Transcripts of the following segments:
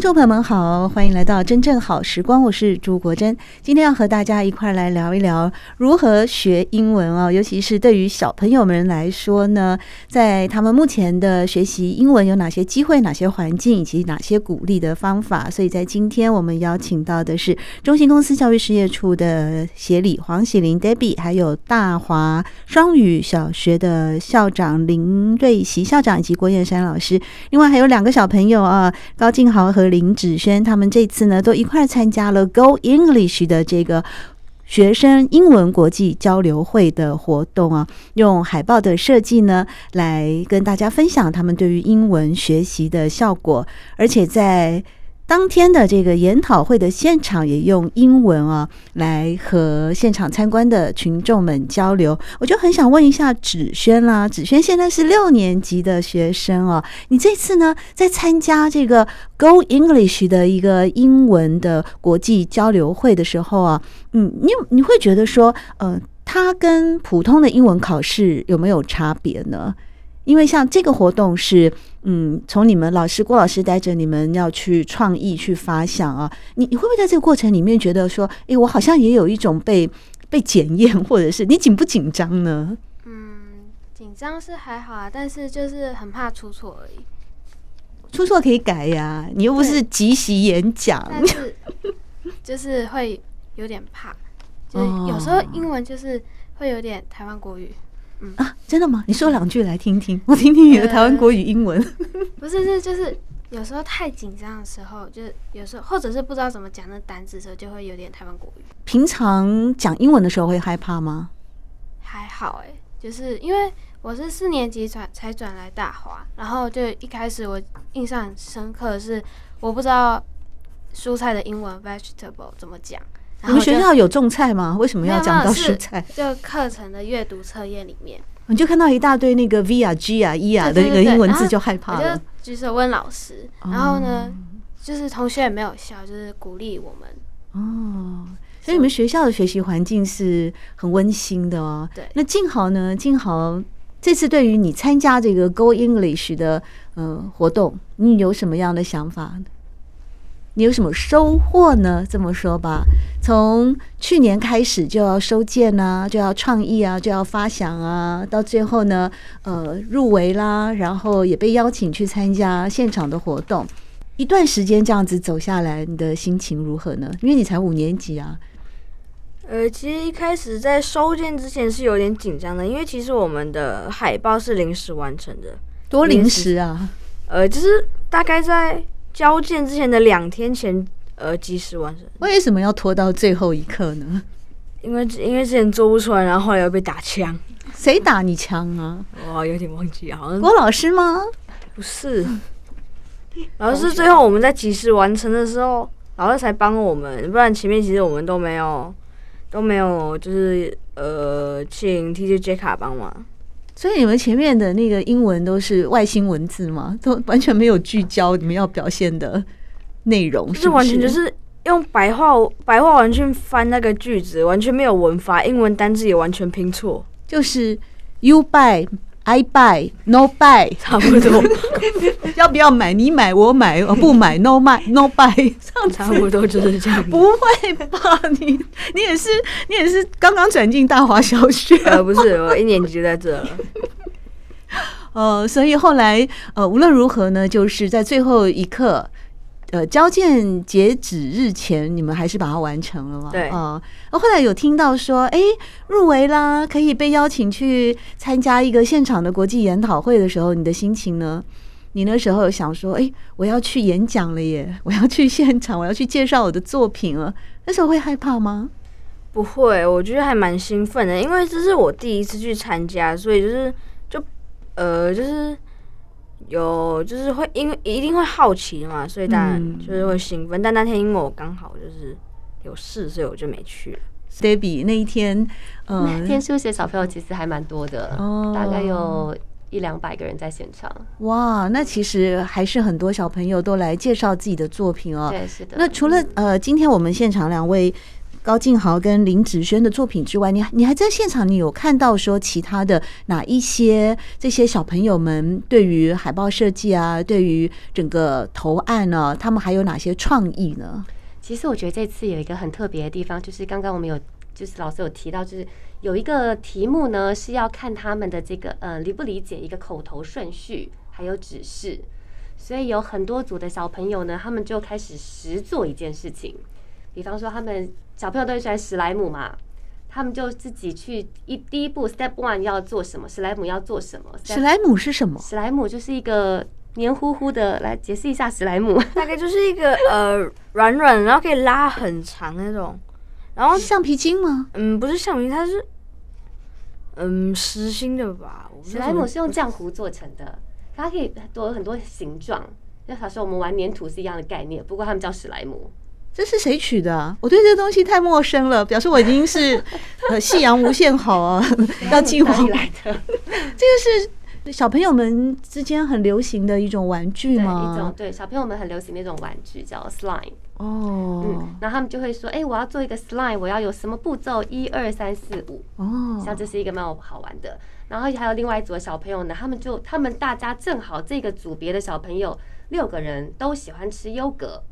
觀眾朋友們好，歡迎來到真正好時光，我是朱國珍。今天要和大家一塊來聊一聊如何學英文啊、哦，尤其是對於小朋友們來說呢，在他們目前的學習英文有哪些機會、哪些環境以及哪些鼓勵的方法？所以在今天我們邀請到的是忠欣公司教育事業處的協理黃喜玲 Debbie，還有大華雙語小學的校長林瑞熙校長以及郭燕山老師，另外還有兩個小朋友啊，高靜豪和。林沚萱他們這次呢，都一塊兒參加了 Go English 的這個學生英文國際交流會的活動啊，用海報的設計呢，來跟大家分享他們對於英文學習的效果，而且在當天的這個研討會的現場也用英文啊來和現場參觀的群眾們交流，我就很想問一下沚萱啦，沚萱現在是六年級的學生哦、啊，你這次呢，在參加這個 Go English 的一個英文的國際交流會的時候啊，嗯，你你會覺得說，呃，它跟普通的英文考試有沒有差別呢？因為像這個活動是，嗯，從你們老師郭老師帶着你們要去創意去發想啊，你你會不會在這個過程裡面覺得說，哎、欸，我好像也有一種被被檢驗，或者是你緊不緊張呢？嗯，緊張是還好啊，但是就是很怕出錯而已。出錯可以改呀、啊，你又不是即席演講，但是 就是會有點怕，就是有時候英文就是會有點台灣國語。嗯啊，真的嗎？你說兩句來聽聽，我聽聽你的台灣國語英文。呃、不是是就是，有時候太緊張的時候，就是有時候，或者是不知道怎麼講那單詞的時候，就會有點台灣國語。平常講英文的時候會害怕嗎？還好哎、欸，就是因為我是四年級才才轉來大華，然後就一開始我印象很深刻的是，我不知道蔬菜的英文 vegetable 怎麼講。你們學校有種菜嗎？為什麼要講到蔬菜？就課程的閱讀測驗裡面，你就看到一大堆那個 V 啊、G 啊、E 啊的那個英文字，就害怕了。對對對對，我就是舉手問老師，然後呢，哦、就是同學也沒有笑，就是鼓勵我們。哦，所以你們學校的學習環境是很溫馨的哦。對。那靜豪呢？靜豪這次對於你參加這個 Go English 的嗯、呃、活動，你有什麼樣的想法？你有什麼收穫呢？這麼說吧，從去年開始就要收件啊，就要創意啊，就要發想啊，到最後呢，呃，入圍啦，然後也被邀請去參加現場的活動。一段時間這樣子走下來，你的心情如何呢？因為你才五年級啊。呃，其實一開始在收件之前是有點緊張的，因為其實我們的海報是臨時完成的。多臨時啊。呃，就是大概在。交件之前的兩天前，呃，及時完成。為什麼要拖到最後一刻呢？因為因為之前做不出來，然後後來又被打槍。誰打你槍啊？我有點忘記，好像是郭老師嗎？不是，老師。最後我們在及時完成的時候，老師才幫我們。不然前面其實我們都沒有都沒有，就是呃，請 TJ 卡幫忙。所以你們前面的那個英文都是外星文字嗎？都完全沒有聚焦你們要表現的內容是不是？就是完全就是用白話白話，完全翻那個句子，完全沒有文法，英文單字也完全拼錯，就是 you buy。I buy, no buy，差不多。 要不要買？你買，我買，不買，no buy, no buy。差不多就是這樣。不會吧？你你也是，你也是剛剛轉進大華小學啊、呃？不是，我一年級就在這兒了、 呃。所以後來呃，無論如何呢，就是在最後一刻。呃，交件截止日前，你們還是把它完成了嗎？對啊，嗯、那後來有聽到說，誒、欸，入圍啦，可以被邀請去參加一個現場的國際研討會的時候，你的心情呢？你那時候有想說，誒、欸，我要去演講了耶，我要去現場，我要去介紹我的作品了。那時候會害怕嗎？不會，我覺得還蠻興奮的，因為這是我第一次去參加，所以就是就呃，就是。有，就是會因為一定會好奇嘛，所以當然就是會興奮。但那天因為我剛好就是有事，所以我就沒去。Staby、嗯、那一天，那天出席小朋友其實還蠻多的，大概有一兩百個人在現場。哇，那其實還是很多小朋友都來介紹自己的作品哦。對，是的。那除了呃，今天我們現場兩位。高靜豪跟林子軒的作品之外，你你還在現場？你有看到說其他的哪一些這些小朋友們對於海報設計啊，對於整個圖案呢、啊？他們還有哪些創意呢？其實我覺得這次有一個很特別的地方，就是剛剛我們有就是老師有提到，就是有一個題目呢是要看他們的這個呃理不理解一個口頭順序還有指示，所以有很多組的小朋友呢，他們就開始實做一件事情，比方說他們。小朋友都很喜歡史萊姆嘛，他們就自己去一第一步 step one 要做什麼，史萊姆要做什麼？史萊姆是什麼？史萊姆就是一個黏糊糊的，來解釋一下史萊姆，大概就是一個 呃軟軟，然後可以拉很長那種，然後橡皮筋嗎？嗯，不是橡皮，它是嗯實心的吧？史萊姆是用漿糊做成的，是它可以做很多形狀，跟小時候我們玩粘土，是一樣的概念，不過他們叫史萊姆。這是誰取的、啊？我對這個東西太陌生了，表示我已經是呃夕陽無限好啊， 要進起來的。 這個是小朋友們之間很流行的一種玩具嗎？一種對小朋友們很流行的一種玩具叫 slime 哦，oh. 嗯，然後他們就會說，哎、欸，我要做一個 slime，我要有什麼步驟？一二三四五哦，oh. 像這是一個蠻好玩的。然後還有另外一組的小朋友呢，他們就他們大家正好這個組別的小朋友六個人都喜歡吃優格。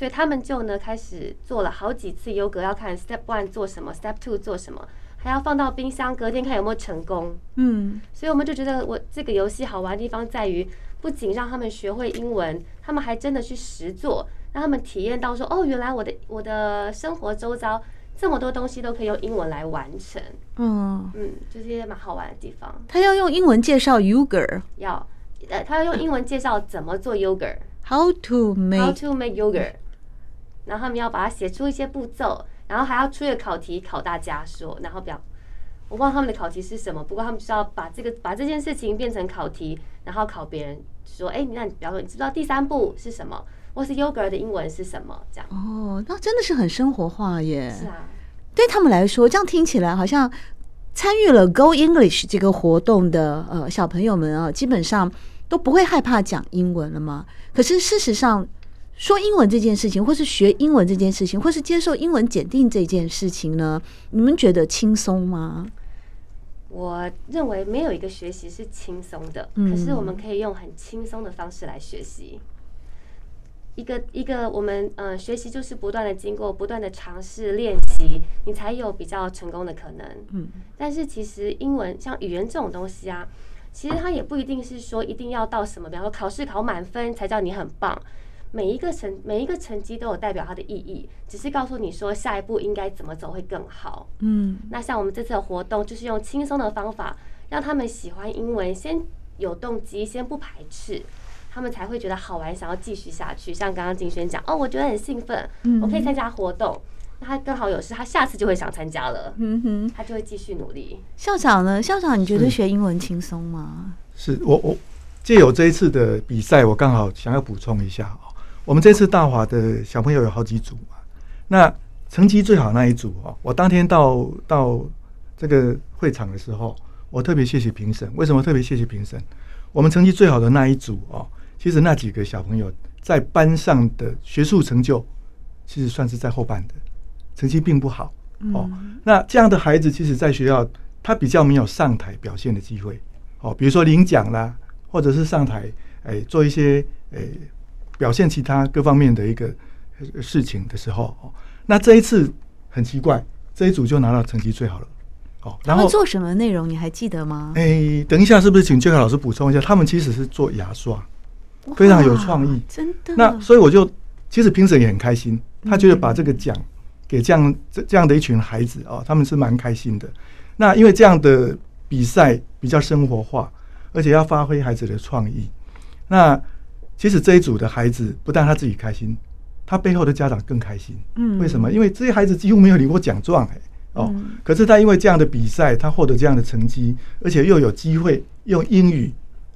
所以他們就呢開始做了好幾次 yogurt。要看 step one 做什麼，step two 做什麼，還要放到冰箱，隔天看有沒有成功。嗯，所以我們就覺得，我這個遊戲好玩的地方在於，不僅讓他們學會英文，他們還真的去實做，讓他們體驗到說，哦，原來我的我的生活周遭這麼多東西都可以用英文來完成。嗯嗯，就是一些蠻好玩的地方。他要用英文介紹 yogurt，要，呃，他要用英文介紹怎麼做 yogurt。How to make How to make yogurt。然後他們要把它寫出一些步驟，然後還要出一個考題考大家說，然後表我忘了他們的考題是什麼，不過他們需要把這個把這件事情變成考題，然後考別人說，哎，那你比如說，你知不知道第三步是什麼？或是 yogurt 的英文是什麼？這樣哦，那真的是很生活化耶。是啊，對他們來說，這樣聽起來好像參與了 Go English 這個活動的呃小朋友們啊，基本上都不會害怕講英文了嗎？可是事實上，說英文這件事情，或是學英文這件事情，或是接受英文檢定這件事情呢？你們覺得輕鬆嗎？我認為沒有一個學習是輕鬆的，嗯、可是我們可以用很輕鬆的方式來學習。一個一個，我們嗯、呃，學習就是不斷的經過，不斷的嘗試練習，你才有比較成功的可能。嗯，但是其實英文像語言這種東西啊，其實它也不一定是說一定要到什麼，比方說考試考滿分才叫你很棒。每一個成每一個成績都有代表它的意義，只是告訴你說下一步應該怎麼走會更好。嗯，那像我們這次的活動，就是用輕鬆的方法讓他們喜歡英文，先有動機，先不排斥，他們才會覺得好玩，想要繼續下去。像剛剛金軒講，哦，我覺得很興奮，嗯、哼我可以參加活動。那他剛好有事，他下次就會想參加了，嗯哼，他就會繼續努力。校長呢？校長，你覺得學英文輕鬆嗎？嗯、是我我藉由這一次的比賽，我剛好想要補充一下。我們這次大華的小朋友有好幾組嘛、啊，那成績最好的那一組哦、啊，我當天到、到這個會場的時候，我特別謝謝評審。為什麼特別謝謝評審？我們成績最好的那一組哦、啊，其實那幾個小朋友在班上的學術成就其實算是在後半的，成績並不好、嗯、哦。那這樣的孩子，其實在學校他比較沒有上台表現的機會哦，比如說領獎啦，或者是上台、哎、做一些、哎表現其他各方面的一個事情的時候那這一次很奇怪，這一組就拿到成績最好了哦。然後他們做什麼內容你還記得嗎？誒、欸，等一下，是不是請周凱老師補充一下？他們其實是做牙刷，哇非常有創意，真的。那所以我就其實評審也很開心，他覺得把這個獎給這樣這、嗯、這樣的一群孩子哦，他們是蠻開心的。那因為這樣的比賽比較生活化，而且要發揮孩子的創意，那。其實這一組的孩子不但他自己開心，他背後的家長更開心。嗯，為什麼？因為這些孩子幾乎沒有領過獎狀哎。嗯、哦，可是他因為這樣的比賽，他獲得這樣的成績，而且又有機會用英語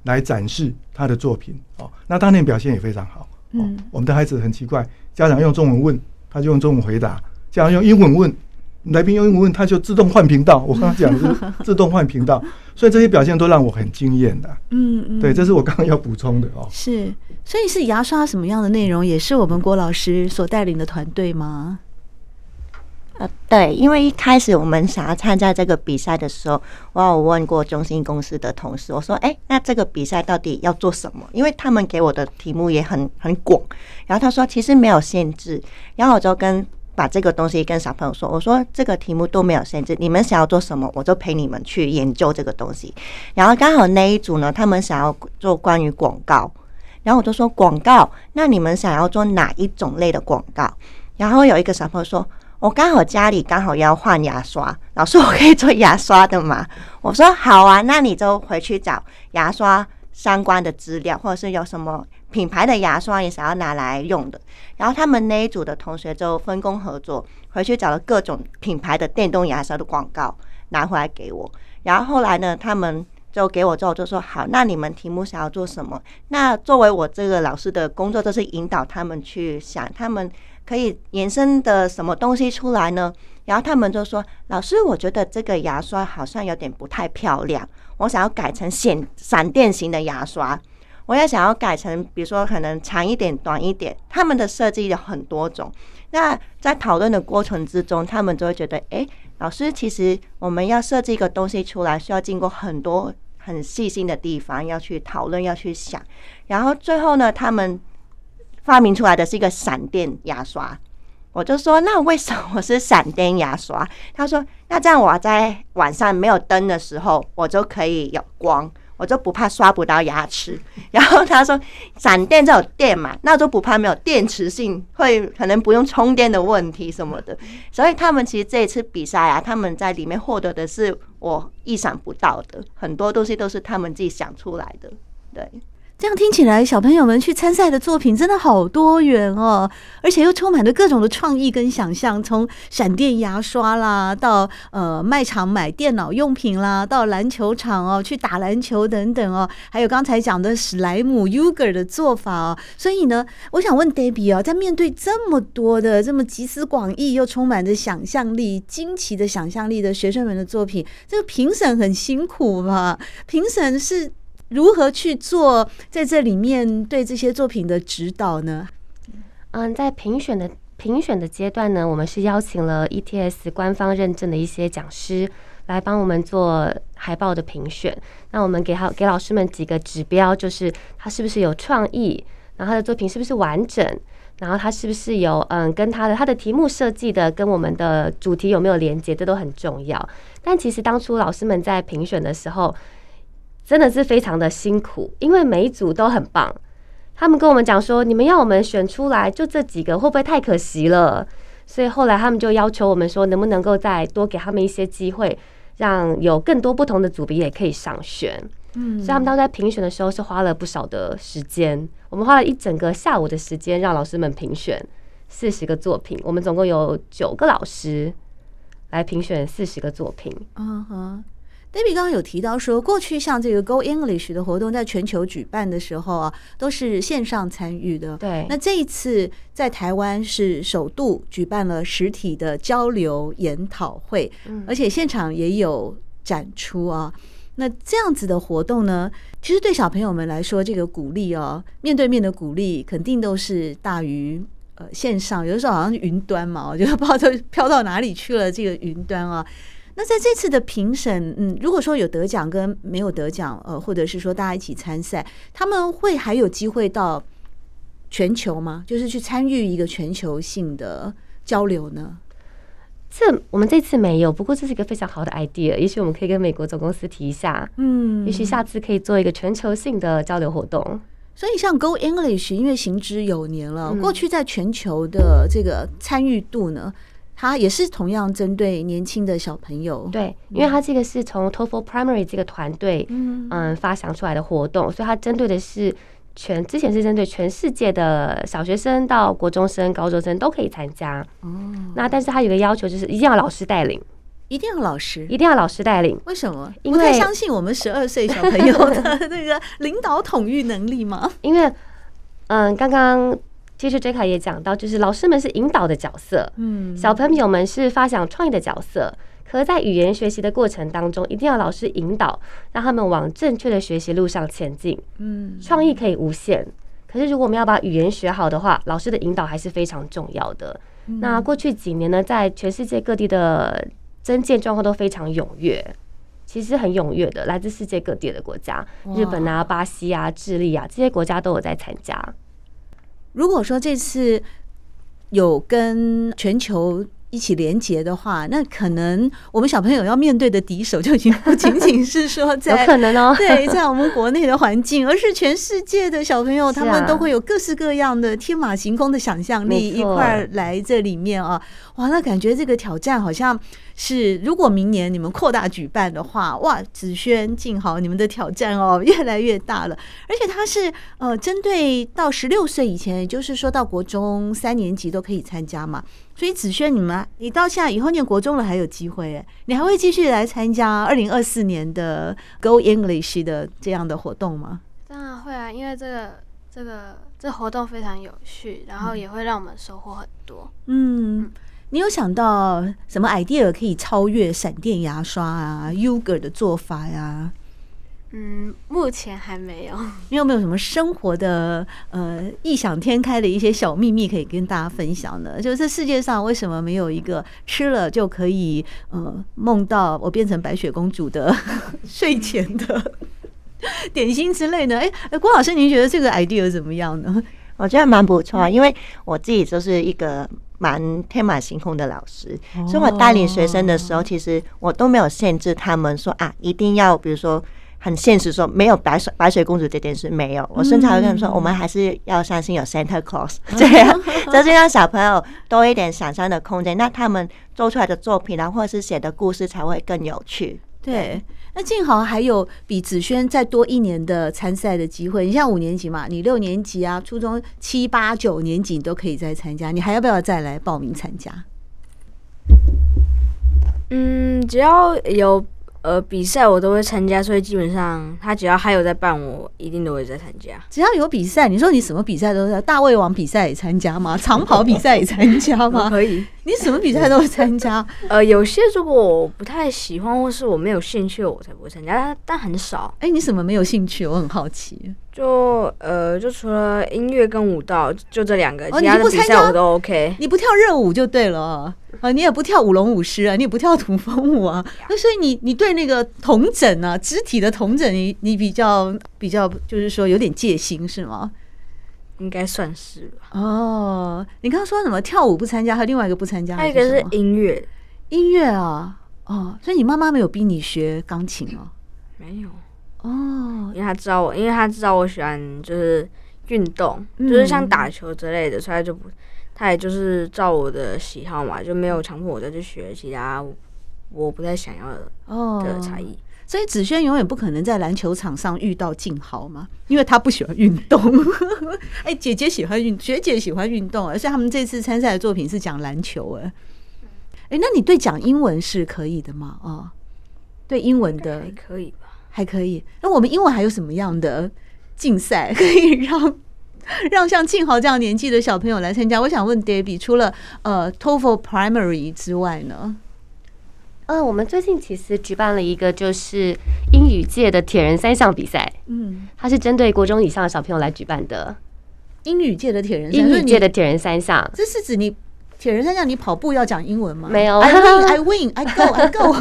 來展示他的作品。哦，那當年表現也非常好。哦、嗯，我們的孩子很奇怪，家長用中文問，他就用中文回答；家長用英文問，來賓用英文問，他就自動換頻道。我剛剛講的是自動換頻道， 所以這些表現都讓我很驚艷的。嗯嗯，對，這是我剛剛要補充的哦。是。所以是牙刷什麼樣的內容？也是我們郭老師所帶領的團隊嗎？啊、呃，對，因為一開始我們想要參加這個比賽的時候，我有問過中心公司的同事，我說：“哎、欸，那這個比賽到底要做什麼？”因為他們給我的題目也很很廣。然後他說：“其實沒有限制。”然後我就跟把這個東西跟小朋友說：“我說這個題目都沒有限制，你們想要做什麼，我就陪你們去研究這個東西。”然後剛好那一組呢，他們想要做關於廣告。然後我就說廣告，那你們想要做哪一種類的廣告？然後有一個小朋友說，我剛好家裡剛好要換牙刷，老師我可以做牙刷的嗎？我說好啊，那你就回去找牙刷相關的資料，或者是有什麼品牌的牙刷你想要拿來用的。然後他們那一組的同學就分工合作，回去找了各種品牌的電動牙刷的廣告拿回來給我。然後後來呢，他們。就給我做，就說好，那你們題目想要做什麼？那作為我這個老師的工作，就是引導他們去想，他們可以延伸的什麼東西出來呢？然後他們就說：“老師，我覺得這個牙刷好像有點不太漂亮，我想要改成顯閃電型的牙刷，我也想要改成，比如說可能長一點、短一點。”他們的設計有很多種。那在討論的過程之中，他們就會覺得：“誒、欸，老師，其實我們要設計一個東西出來，需要經過很多。”很細心的地方要去討論，要去想，然後最後呢，他們發明出來的是一個閃電牙刷。我就說，那為什麼我是閃電牙刷？他說，那這樣我在晚上沒有燈的時候，我就可以有光。我就不怕刷不到牙齒，然後他說，閃電就有電嘛，那我就不怕沒有電池性，會可能不用充電的問題什麼的。所以他們其實這一次比賽啊，他們在裡面獲得的是我意想不到的，很多東西都是他們自己想出來的，對。這樣聽起來，小朋友們去參賽的作品真的好多元哦，而且又充滿着各種的創意跟想象，從閃電牙刷啦，到呃賣場買電腦用品啦，到籃球場哦去打籃球等等哦，還有剛才講的史萊姆 yogurt 的做法哦。所以呢，我想問 Debbie 哦，在面對這麼多的這麼集思廣益又充滿着想象力、驚奇的想象力的學生們的作品，這個評審很辛苦吧？評審是。如何去做在這裡面對這些作品的指導呢？嗯，在評選的評選的階段呢，我們是邀請了 ETS 官方認證的一些講師來幫我們做海報的評選。那我們給他給老師們幾個指標，就是他是不是有創意，然後他的作品是不是完整，然後他是不是有嗯跟他的他的題目設計的跟我們的主題有沒有連接，這都很重要。但其實當初老師們在評選的時候，真的是非常的辛苦，因為每一組都很棒。他們跟我們講說，你們要我們選出來就這幾個，會不會太可惜了？所以後來他們就要求我們說，能不能夠再多給他們一些機會，讓有更多不同的組別也可以上選。嗯，所以他們當時在評選的時候是花了不少的時間。我們花了一整個下午的時間，讓老師們評選四十個作品。我們總共有九個老師來評選四十個作品。嗯哼、uh。Huh. Baby 剛剛有提到說，過去像這個 Go English 的活動在全球舉辦的時候啊，都是線上參與的。對，那這一次在台灣是首度舉辦了實體的交流研討會，而且現場也有展出啊。那這樣子的活動呢，其實對小朋友們來說，這個鼓勵哦，面對面的鼓勵肯定都是大於呃線上，有的時候好像雲端嘛，我就不知道都飄到哪裡去了。這個雲端啊。那在這次的評審，嗯，如果說有得獎跟沒有得獎，呃，或者是說大家一起參賽，他們會還有機會到全球嗎？就是去參與一個全球性的交流呢？這我們這次沒有，不過這是一個非常好的 idea，也許我們可以跟美國總公司提一下，嗯，也許下次可以做一個全球性的交流活動。所以像 Go English，因為行之有年了，嗯，過去在全球的這個參與度呢？他也是同樣針對年輕的小朋友，對，因為他這個是從 TOEFL Primary 這個團隊，嗯,嗯發想出來的活動，所以他針對的是全，之前是針對全世界的小學生到國中生、高中生都可以參加，嗯、那但是他有一個要求，就是一定要老師帶領、哦，一定要老師，一定要老師帶領，為什麼？因為不太相信我們十二歲小朋友的那個領導統御能力嗎？ 因為，嗯，剛剛。其實 c 凱也講到，就是老師們是引導的角色，嗯，小朋友們是發想創意的角色。可是，在語言學習的過程當中，一定要老師引導，讓他們往正確的學習路上前進。嗯，創意可以無限，可是如果我們要把語言學好的話，老師的引導還是非常重要的。嗯、那過去幾年呢，在全世界各地的徵件狀況都非常踴躍，其實很踴躍的，來自世界各地的國家，日本啊、哇巴西啊、智利啊這些國家都有在參加。如果說這次有跟全球一起連結的話，那可能我們小朋友要面對的敵手就已經不僅僅是說在 有可能哦，對，在我們國內的環境，而是全世界的小朋友，他們都會有各式各樣的天馬行空的想象力一塊來這裡面啊，哇，那感覺這個挑戰好像。是，如果明年你們擴大舉辦的話，哇，沚萱、靜好，你們的挑戰哦越來越大了。而且他是呃，針對到十六歲以前，也就是說到國中三年級都可以參加嘛。所以沚萱，你們你到現在以後念國中了還有機會欸，你還會繼續來參加二零二四年的 Go English 的這樣的活動嗎？當然會啊，因為這個這個這個、活動非常有趣，然後也會讓我們收穫很多。嗯。嗯你有想到什麼 idea 可以超越閃電牙刷啊、優格的做法呀？嗯，目前還沒有。你有沒有什麼生活的呃異想天開的一些小秘密可以跟大家分享呢？就是這世界上為什麼沒有一個吃了就可以呃夢到我變成白雪公主的 睡前的 點心之類的？哎、欸欸、郭老師，您覺得這個 idea 怎麼樣呢？我覺得蠻不錯，因為我自己就是一個。蠻天馬行空的老師，Oh, 所以我帶領學生的時候，其實我都沒有限制他們說啊，一定要比如說很現實說沒有白雪白雪公主這件事沒有，嗯、我甚至還會跟他們說，我們還是要相信有 Santa Claus，嗯，這樣，就 是讓小朋友多一點想象的空間，那他們做出來的作品，然後或是寫的故事才會更有趣，對。對那靜好還有比沚萱再多一年的參賽的機會？你像五年級嘛，你六年級啊，初中七八九年級你都可以再參加，你還要不要再來報名參加？嗯，只要有。呃，比賽我都會參加，所以基本上他只要還有在辦我，我一定都會在參加。只要有比賽，你說你什麼比賽都在？大胃王比賽也參加嗎？長跑比賽也參加嗎？ 可以，你什麼比賽都會參加？呃，有些如果我不太喜歡或是我沒有興趣，我才不會參加，但很少。哎、欸，你什麼沒有興趣？我很好奇。就呃，就除了音樂跟舞蹈，就這兩個，哦、你不其他的比賽我都 OK。你不跳熱舞就對了、啊？啊，你也不跳舞龍舞獅啊，你也不跳土風舞啊，Yeah. 那所以你你對那個統整啊，肢體的統整，你你比較比較，就是說有點戒心是嗎？應該算是哦，你剛剛說什麼跳舞不參加，還有另外一個不參加，還有一個是音樂，音樂啊，哦，所以你媽媽沒有逼你學鋼琴嗎、啊？沒有。哦，因為她知道我，因為她知道我喜歡就是運動，嗯、就是像打球之類的，所以就不。他也就是照我的喜好嘛，就沒有強迫我再去學其他我不太想要的的才藝。Oh, 所以沚萱永遠不可能在籃球場上遇到靜豪嘛，因為他不喜歡運動。哎、 欸，姐姐喜歡運，學姐喜歡運動、啊，而且他們這次參賽的作品是講籃球、啊。哎，哎，那你對講英文是可以的嘛？哦，對英文的還可以吧？還可以。那我們英文還有什麼樣的競賽可以讓？讓像慶豪這樣年紀的小朋友來參加，我想問 Debbie，除了呃 TOEFL Primary 之外呢？呃，我們最近其實舉辦了一個就是英語界的鐵人三項比賽，嗯，它是針對國中以上的小朋友來舉辦的。英語界的鐵人三項，英語界的鐵人三項，這是指你。鐵人三項，你跑步要講英文嗎？沒有，I win, I win, I go, I go。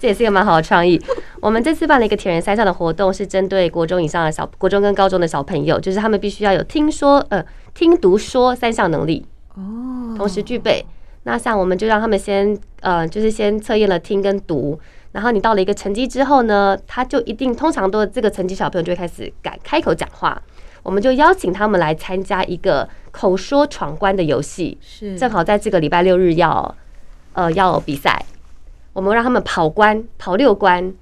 這也是一個蠻好的創意。 我們這次辦了一個鐵人三項的活動，是針對國中以上的小國中跟高中的小朋友，就是他們必須要有聽說呃聽讀說三項能力哦，oh. 同時具備。那像我們就讓他們先呃，就是先測驗了聽跟讀，然後你到了一個成績之後呢，他就一定通常都這個成績小朋友就會開始敢開口講話。我們就邀請他們來參加一個口說闖關的遊戲，是正好在這個禮拜六日要，呃，要比賽。我們讓他們跑關跑六關，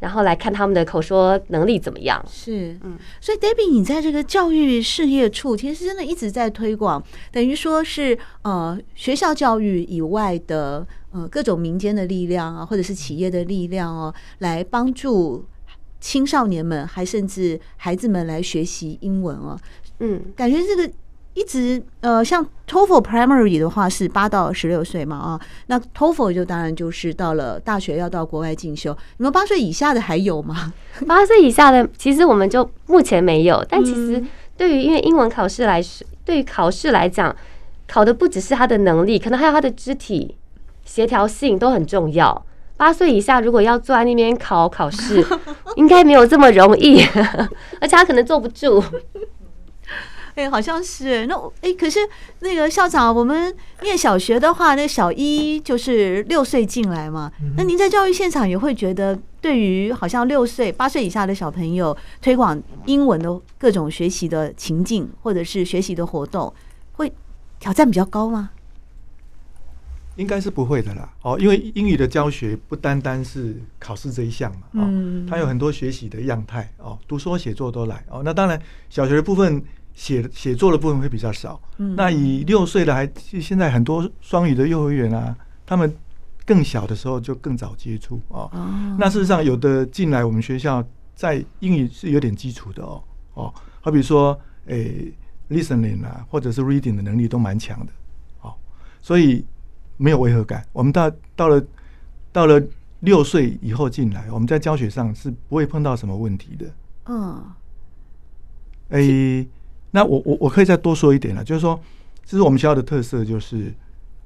然後來看他們的口說能力怎麼樣，嗯。是，嗯，所以 Debbie，你在這個教育事業處，其實真的一直在推廣，等於說是呃，學校教育以外的呃各種民間的力量啊，或者是企業的力量哦，啊，來幫助。青少年們，還甚至孩子們來學習英文哦，嗯，感覺這個一直呃，像 TOEFL Primary 的話是八到十六歲嘛啊，那 TOEFL 就當然就是到了大學要到國外進修。你們八歲以下的還有嗎？八歲以下的，其實我們就目前沒有。但其實對於因為英文考試來說，對於考試來講，考的不只是他的能力，可能還有他的肢體協調性都很重要。八歲以下，如果要坐在那邊考考試，應該沒有這麼容易， 而且他可能坐不住。哎、欸，好像是哎，那哎、欸，可是那個校長，我們念小學的話，那小一就是六歲進來嘛。那您在教育現場也會覺得，對於好像六歲、八歲以下的小朋友，推廣英文的各種學習的情境或者是學習的活動，會挑戰比較高嗎？應該是不會的啦，哦，因為英語的教學不單單是考試這一項嘛，啊、哦，嗯、它有很多學習的樣態，哦，讀、書寫作都來，哦，那當然小學的部分寫寫作的部分會比較少，嗯，那以六歲的孩現在很多雙語的幼兒園啊，他們更小的時候就更早接觸，哦，哦那事實上有的進來我們學校在英語是有點基礎的哦，哦，好比說誒、欸，listening 啊或者是 reading 的能力都蠻強的，哦，所以。沒有違和感。我們到到了到了六歲以後進來，我們在教學上是不會碰到什麼問題的。嗯，哎、欸，那我我我可以再多說一點了，就是說，這是我們學校的特色，就是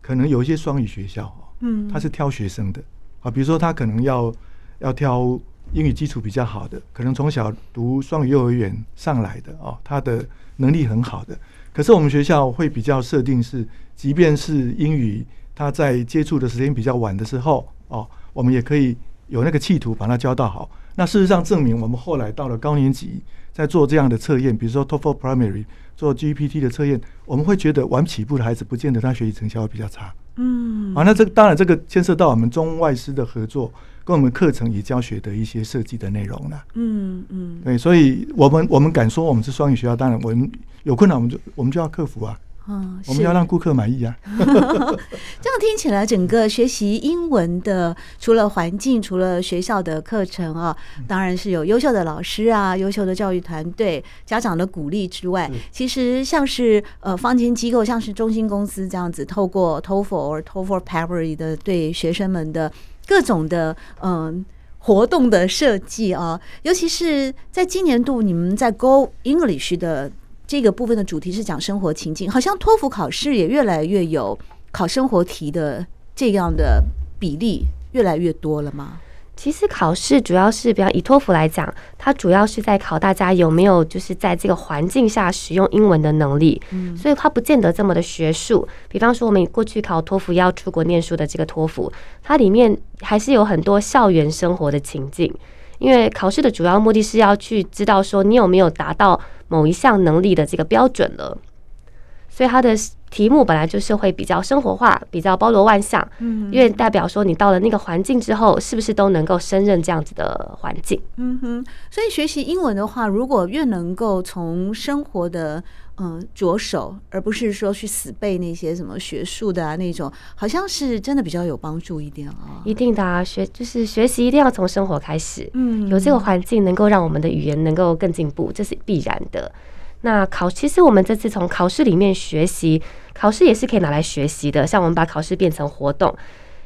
可能有一些雙語學校，哦，嗯，他是挑學生的啊，嗯，比如說他可能要要挑英語基礎比較好的，可能從小讀雙語幼兒園上來的啊，哦，他的能力很好的。可是我們學校會比較設定是，即便是英語。他在接觸的時間比較晚的時候，哦，我們也可以有那個企圖把他教到好。那事實上證明，我們後來到了高年級，在做這樣的測驗，比如說 TOEFL Primary，做 GPT 的測驗，我們會覺得晚起步的孩子不見得他學習成效會比較差。嗯，啊，那這個當然這個牽涉到我們中外師的合作，跟我們課程與教學的一些設計的內容了啊。嗯嗯，對，所以我們我們敢說我們是雙語學校，當然我們有困難，我們就我們就要克服啊。嗯，我們要讓顧客滿意啊！ 這樣聽起來，整個學習英文的，除了環境，除了學校的課程啊，當然是有優秀的老師啊、優秀的教育團隊、家長的鼓勵之外，其實像是呃坊間機構、像是忠欣公司這樣子，透過 TOEIC 或 TOEIC p a b r y 的對學生們的各種的嗯、呃、活動的設計啊，尤其是在今年度，你們在 Go English 的。這個部分的主題是講生活情境，好像托福考試也越來越有考生活題的這樣的比例越來越多了嗎？其實考試主要是，比方以托福來講，它主要是在考大家有沒有就是在這個環境下使用英文的能力，嗯，所以它不見得這麼的學術。比方說，我們過去考托福要出國念書的這個托福，它裡面還是有很多校園生活的情境。因為考試的主要目的是要去知道說你有沒有達到某一項能力的這個標準了。所以它的題目本來就是會比較生活化，比較包羅萬象，嗯哼，因為代表說你到了那個環境之後，是不是都能夠勝任這樣子的環境？嗯哼，所以學習英文的話，如果越能夠從生活的嗯着手，而不是說去死背那些什麼學術的、啊、那種，好像是真的比較有幫助一點哦。一定的啊，學就是學習一定要從生活開始，嗯哼，有這個環境能夠讓我們的語言能夠更進步，這是必然的。那考，其實我們這次從考試裡面學習，考試也是可以拿來學習的。像我們把考試變成活動，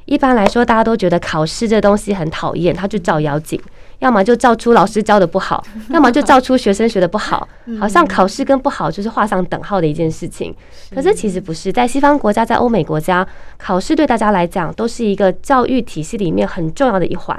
一般來說，大家都覺得考試這東西很討厭，它就照妖鏡，要麼就照出老師教的不好， 要麼就照出學生學的不好，好像考試跟不好就是畫上等號的一件事情。可是其實不是，在西方國家，在歐美國家，考試對大家來講都是一個教育體系裡面很重要的一環，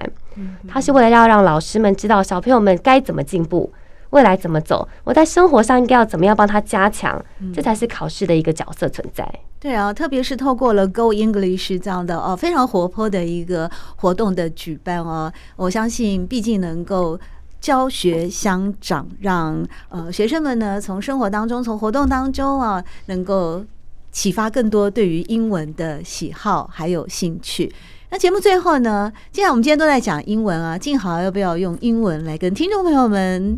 它是為了要讓老師們知道小朋友們該怎麼進步。未來怎麼走？我在生活上應該要怎麼樣幫他加強？這才是考試的一個角色存在。嗯、對啊，特別是透過了 Go English 這樣的哦，非常活潑的一個活動的舉辦哦，我相信畢竟能夠教學相長，讓呃學生們呢從生活當中、從活動當中啊，能夠啟發更多對於英文的喜好還有興趣。那節目最後呢，既然我們今天都在講英文啊，靜好要不要用英文來跟聽眾朋友們？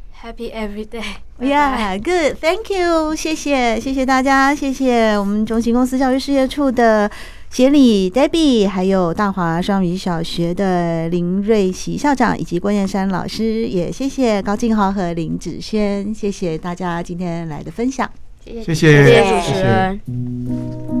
Happy every day. Yeah, good. Thank you. 謝謝，謝謝大家，謝謝我們中心公司教育事業處的協理 Debbie，還有大華雙語小學的林瑞琪校長以及郭燕山老師，也謝謝高靜豪和林沚萱，謝謝大家今天來的分享。謝謝，謝謝主持人。謝謝謝謝。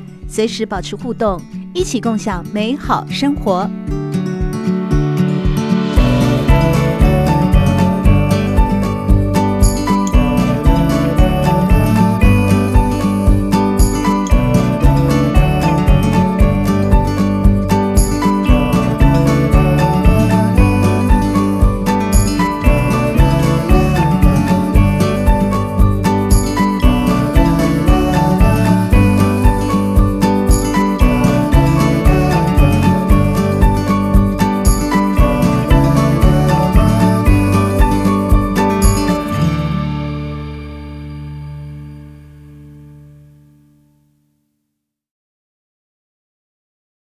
隨時保持互動，一起共享美好生活。